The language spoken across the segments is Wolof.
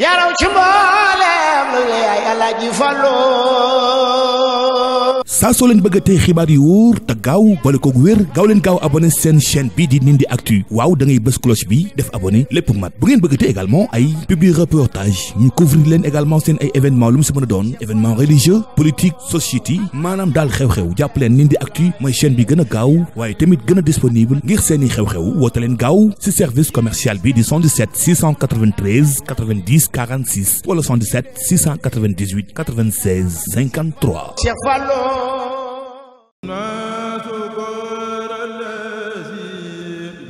yaraw ci mboolem lu yaay Alaaji Fallu saa soo leen bëgg xibaar yu wóor te gaaw bale ko wér gaaw leen gaaw abonné seen chaîne bii di Ndindy Actu waaw da ngay bës cloche bi def abonné lépp mat bu ngeen bëgg a tey également ay publi reportage ñu couvrir leen également seen ay événement lu si mën doon événement religieux politique société maanaam daal xew-xew jàpp leen Ndindy Actu mooy chaîne bi gën a gaaw waaye tamit gën a disponible ngir seeni xew-xew woote leen gaaw si service commercial bi di 77 693 90 46 wala 77 698 96 53. Cheikh Fallou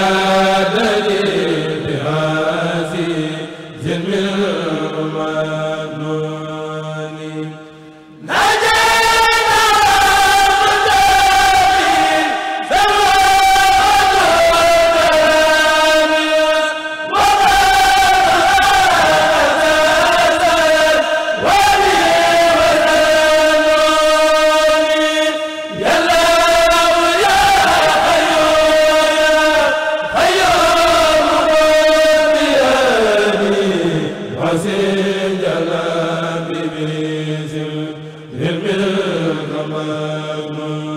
yaa Allahumma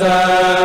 za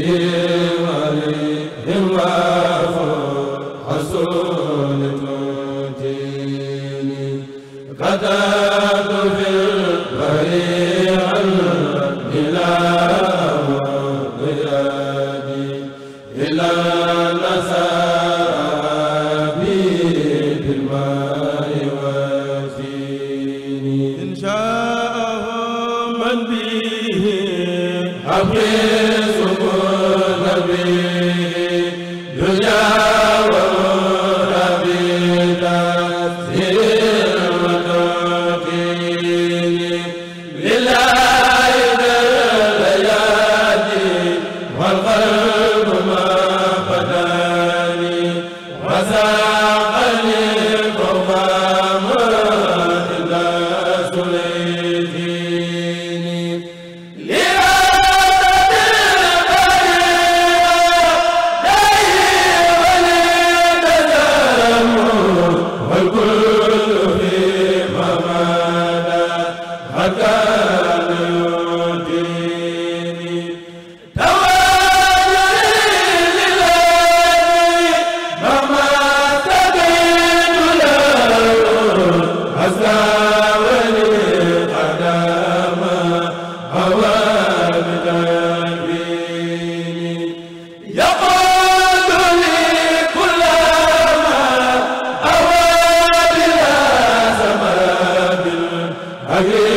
بهم وعليهم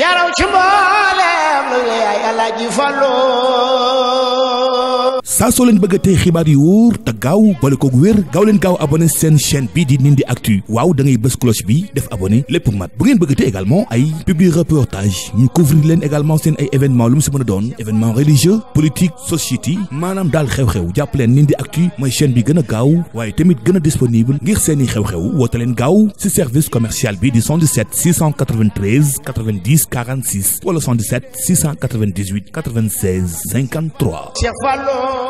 yaa raw ci mboolem lu yaay Alaaji Fallu saa soo leen bëgg xibaar yu wóor te gaaw bale koog wér gaaw leen gaaw abonné seen chaîne bii di Ndindy Actu waaw da ngay bës cloche bi def abonné lépp mat bu ngeen bëgg te également ay publi reportage ñu couvrir leen également seen ay événement lu si mën a doon événement religieux politique société maanaam daal xew-xew jàpp leen Ndindy Actu mooy chaîne bi gën a gaaw waaye tamit gën a disponible ngir seeni xew-xew woote leen gaaw si service commercial bi di 77 693 90 46 wala 77 698 96 53. Cheikh Fallou